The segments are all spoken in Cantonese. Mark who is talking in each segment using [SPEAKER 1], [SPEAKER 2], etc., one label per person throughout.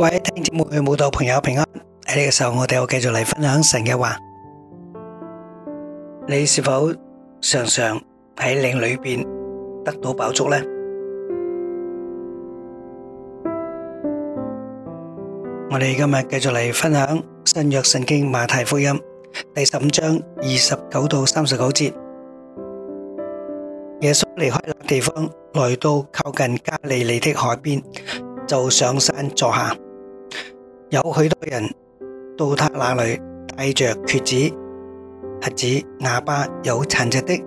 [SPEAKER 1] 各位聽節目嘅舞蹈朋友平安。喺呢個時候，我哋要繼續嚟分享神嘅話。你是否常常喺靈裏面得到飽足呢？我哋今日繼續嚟分享新約聖經馬太福音第十五章二十九到三十九節。耶穌離開那地方，來到靠近加利利的海邊，就上山坐下。有許多人到他那裏，帶着瘸子、瞎子、啞巴、有殘疾的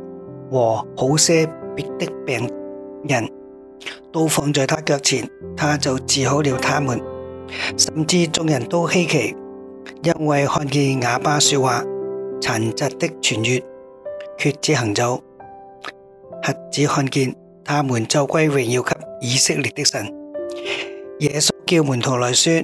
[SPEAKER 1] 和好些別的病人，都放在他腳前，他就治好了他們。甚至眾人都稀奇，因為看見啞巴說話、殘疾的痊愈、瘸子行走、瞎子看見，他們就歸榮耀給以色列的神。耶穌叫門徒來說。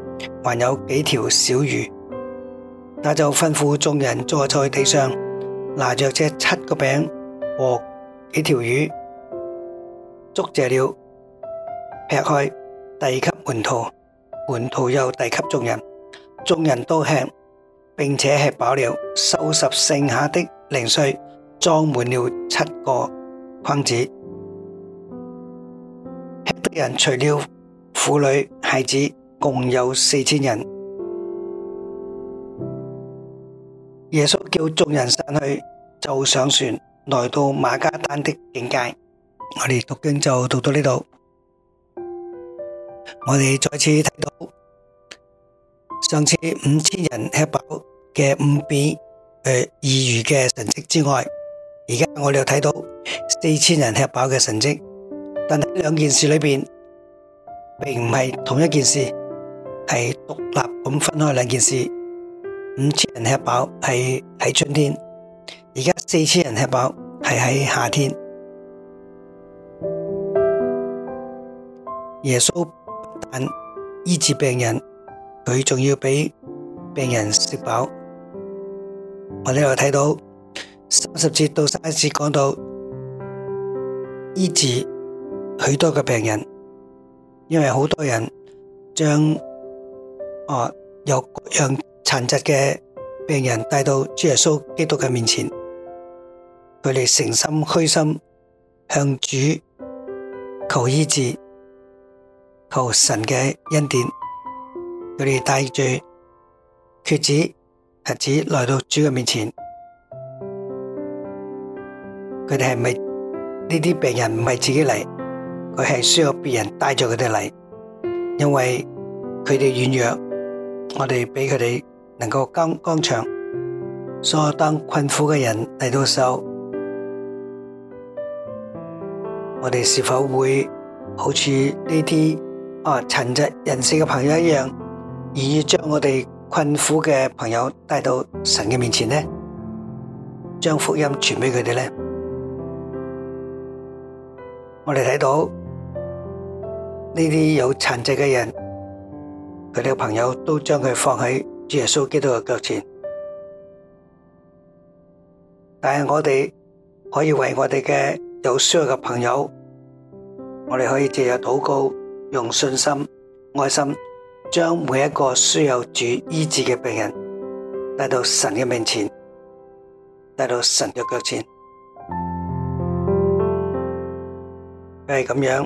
[SPEAKER 1] 還有幾條小魚，他就吩咐眾人坐在地上，拿着這七個餅和幾條魚，祝謝了，劈開，遞給門徒，門徒又遞給眾人，眾人都吃，並且吃飽了，收拾剩下的零碎，裝滿了七個筐子。吃的人除了婦女孩子。共有四千人，耶穌叫眾人散去，就上船，來到馬加丹的境界。 我哋讀經就讀到呢度，我哋再次睇到上次五千人吃飽嘅五餅、呃、二魚嘅神蹟之外，而家我哋又睇到四千人吃飽嘅神蹟，但係兩件事裏面，並唔係同一件事。係獨立咁分開兩件事，五千人吃飽係喺春天，而家四千人吃飽係喺夏天。耶穌不但醫治病人，佢仲要俾病人食飽。我哋又睇到三十節到三十一節講到醫治許多嘅病人，因為好多人將。有各樣殘疾嘅病人帶到主耶穌基督嘅面前，佢哋誠心虛心向主求醫治，求神嘅恩典。佢哋帶住瘸子、瞎子來到主嘅面前。佢哋係唔係，呢啲病人唔係自己嚟，佢係需要別人帶住佢哋嚟，因為佢哋軟弱。我哋俾佢哋能夠剛剛強，所以當困苦嘅人嚟到嘅時候，我哋是否會好似呢啲啊殘疾人士嘅朋友一樣，願意將我哋困苦嘅朋友帶到神嘅面前呢？將福音傳俾佢哋呢？我哋睇到呢啲有殘疾嘅人。佢哋嘅朋友都將佢放喺主耶穌基督嘅腳前，但係我哋可以為我哋嘅有需要嘅朋友，我哋可以借由禱告，用信心、愛心，將每一個需要主醫治嘅病人帶到神嘅面前，帶到神嘅腳前，係咁樣。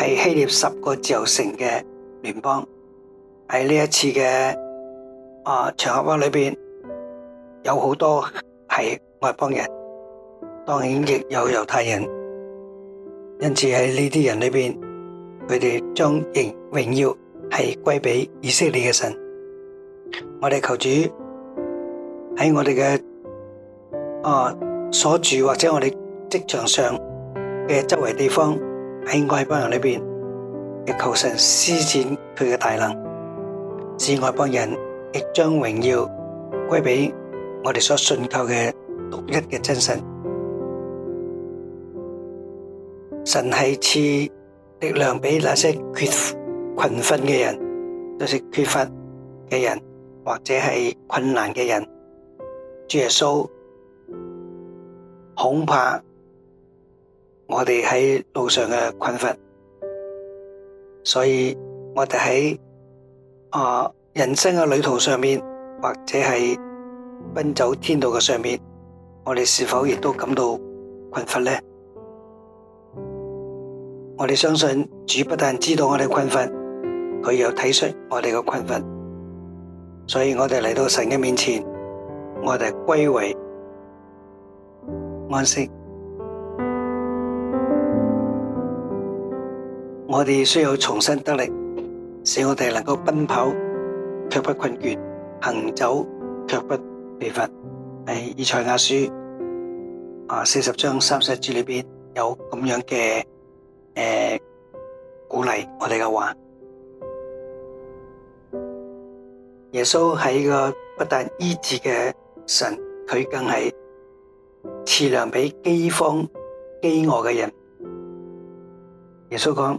[SPEAKER 1] 係希臘十個自由城嘅聯邦，喺呢一次嘅啊場合裏邊有好多係外邦人，當然亦有猶太人，因此喺呢啲人裏邊，佢哋將榮榮耀係歸俾以色列嘅神。我哋求主喺我哋嘅啊所住或者我哋職場上嘅周圍地方。喺外邦人裏面，亦求神施展佢嘅大能，使外邦人亦將榮耀歸俾我哋所信靠嘅獨一嘅真神。神係賜力量俾那些缺乏困困困嘅人，就是缺乏嘅人或者係困難嘅人。耶穌恐怕。我哋喺路上嘅困乏，所以我哋喺啊人生嘅旅途上面，或者係奔走天道嘅上面，我哋是否亦都感到困乏咧？我哋相信主不但知道我哋嘅困乏，佢又睇出我哋嘅困乏，所以我哋嚟到神嘅面前，我哋歸為安息。我哋需要重新得力，使我哋能夠奔跑卻不困倦，行走卻不疲乏。係以賽亞書啊四十章三十節裏邊有咁樣嘅誒、呃、鼓勵我哋嘅話，耶穌係一個不但醫治嘅神，佢更係賜糧俾饑荒、饑餓嘅人。耶穌講。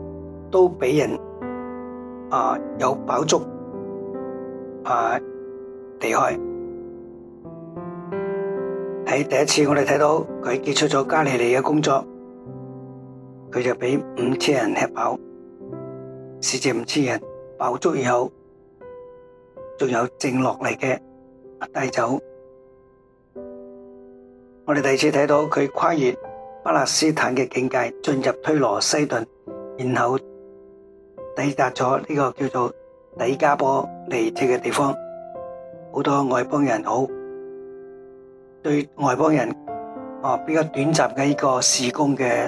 [SPEAKER 1] 都俾人啊有飽足啊離開。喺第一次我哋睇到佢結束咗加利利嘅工作，佢就俾五千人吃飽，是藉五千人飽足以後，仲有剩落嚟嘅帶走。我哋第二次睇到佢跨越巴勒斯坦嘅境界，進入推羅西頓，然後，抵達咗呢個叫做底加波尼嘅地方，好多外邦人，好對外邦人哦，比較短暫嘅呢個事工嘅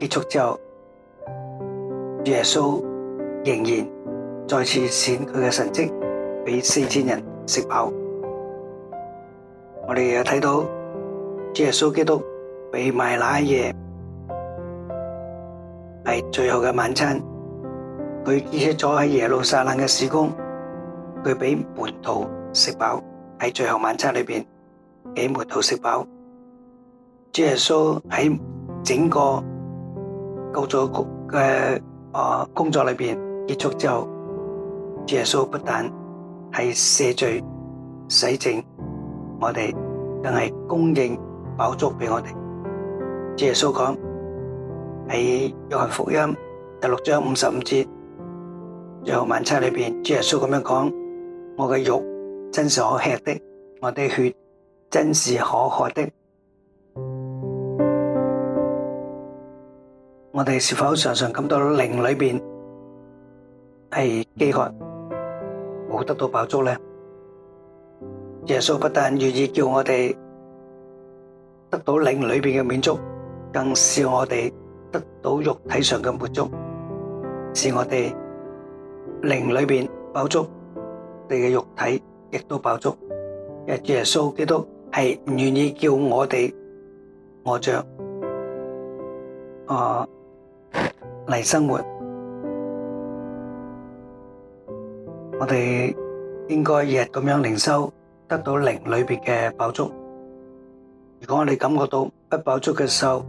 [SPEAKER 1] 結束之後，耶穌仍然再次顯佢嘅神蹟，俾四千人食飽。我哋又睇到主耶穌基督被賣那一夜係最後嘅晚餐。佢結束咗喺耶路撒冷嘅事工，佢俾門徒食飽喺最後晚餐裏邊，俾門徒食飽。主耶穌喺整個救贖嘅工作裏邊結束之後，主耶穌不但係赦罪洗淨我哋，更係供應飽足俾我哋。主耶穌講喺約翰福音第六章五十五節。在最後晚餐裏邊，主耶穌咁樣講：我嘅肉真是可吃的，我嘅血真是可喝的。我哋是否常常感到靈裏邊係饑渴，冇得到飽足呢？耶穌不但願意叫我哋得到靈裏邊嘅滿足，更是我哋得到肉體上嘅滿足，是我哋。靈裏邊飽足，我哋嘅肉體亦都飽足。耶穌基督係唔願意叫我哋餓着啊嚟生活。我哋應該日日咁樣靈修，得到靈裏邊嘅飽足。如果我哋感覺到不飽足嘅時候，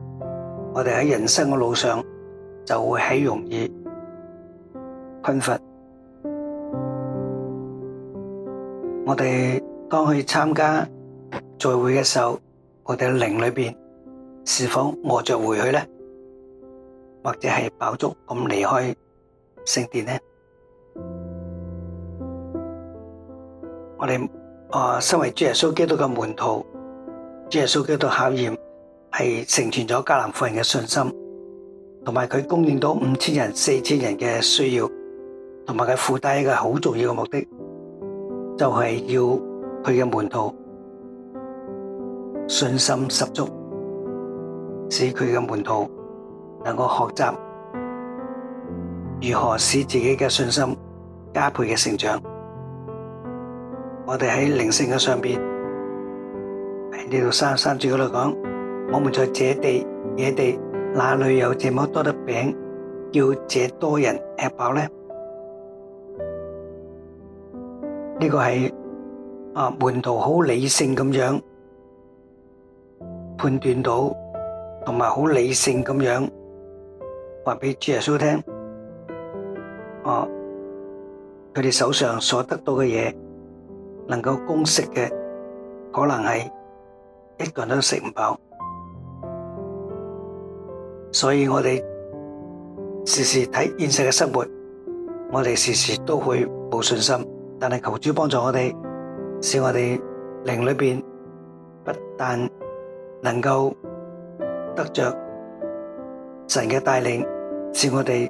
[SPEAKER 1] 我哋喺人生嘅路上就會喺容易困乏。我哋當去參加聚會嘅時候，我哋靈裏邊是否餓着回去咧？或者係飽足咁離開聖殿咧？我哋啊，身為主耶穌基督嘅門徒，主耶穌基督考驗係成全咗迦南婦人嘅信心，同埋佢供應到五千人、四千人嘅需要，同埋佢負擔一個好重要嘅目的。就係要佢嘅門徒信心十足，使佢嘅門徒能夠學習如何使自己嘅信心加倍嘅成長。我哋喺靈性嘅上面喺呢度三三住嗰度講，我們在野地野地哪裏有這麼多的餅，叫這多人吃飽呢？呢個係啊，門徒好理性咁樣判斷到，同埋好理性咁樣話俾主耶穌聽，哦，佢哋手上所得到嘅嘢，能夠供食嘅，可能係一個人都食唔飽，所以我哋時時睇現實嘅生活，我哋時時都會冇信心。但係求主幫助我哋，使我哋靈裏邊不但能夠得着神嘅帶領，使我哋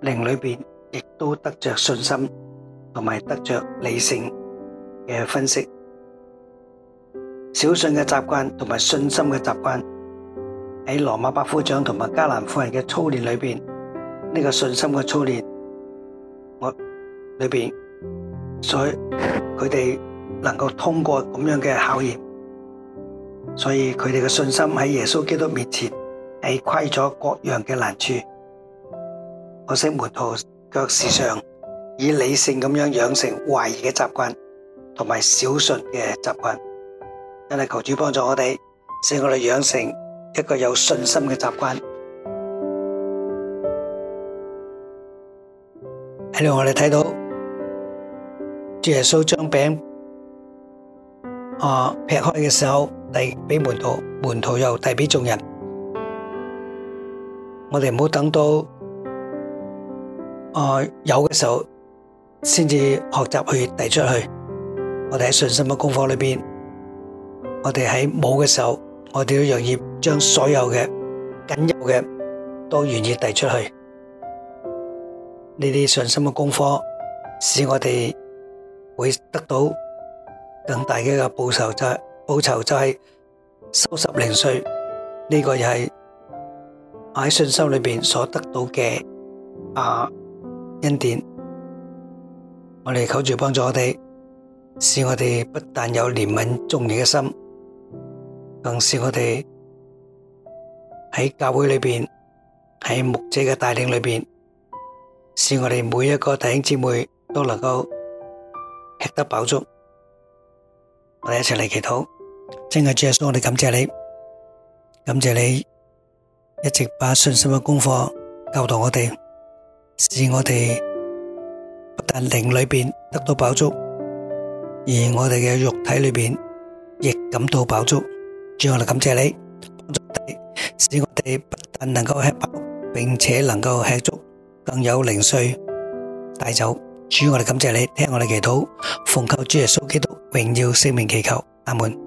[SPEAKER 1] 靈裏邊亦都得着信心，同埋得着理性嘅分析。小信嘅習慣同埋信心嘅習慣喺羅馬百夫長同埋迦南婦人嘅操練裏邊，呢個信心嘅操練我裏邊。所以佢哋能夠通過咁樣嘅考驗，所以佢哋嘅信心喺耶穌基督面前，係虧咗各樣嘅難處，可惜門徒卻時常以理性咁樣養成懷疑嘅習慣，同埋少信嘅習慣。真係求主幫助我哋，使我哋養成一個有信心嘅習慣。喺度我哋睇到。主耶穌將餅啊劈開嘅時候，遞俾門徒，門徒又遞俾眾人。我哋唔好等到啊有嘅時候，先至學習去遞出去。我哋喺信心嘅功課裏面，我哋喺冇嘅時候，我哋要願意將所有嘅僅有嘅都願意遞出去。呢啲信心嘅功課，使我哋。會得到更大嘅一個報酬就係，報酬就係，收拾零碎。呢個又係我喺信心裏邊所得到嘅啊恩典。我哋求主幫助我哋，使我哋不但有憐憫眾人的心，更是我哋喺教會裏邊，喺牧者嘅帶領裏邊，使我哋每一個弟兄姊妹都能夠。吃得飽足，我哋一齊嚟祈禱。真係主耶穌，我哋感謝你，感謝你一直把信心嘅功課教導我哋，使我哋不但靈裏邊得到飽足，而我哋嘅肉體裏邊亦感到飽足。主，我哋感,感謝你，使我哋不但能夠吃飽，並且能夠吃足，更有零碎帶走。主，我哋感謝你，聽我哋祈禱，奉靠主耶穌基督榮耀聖名祈求，阿門。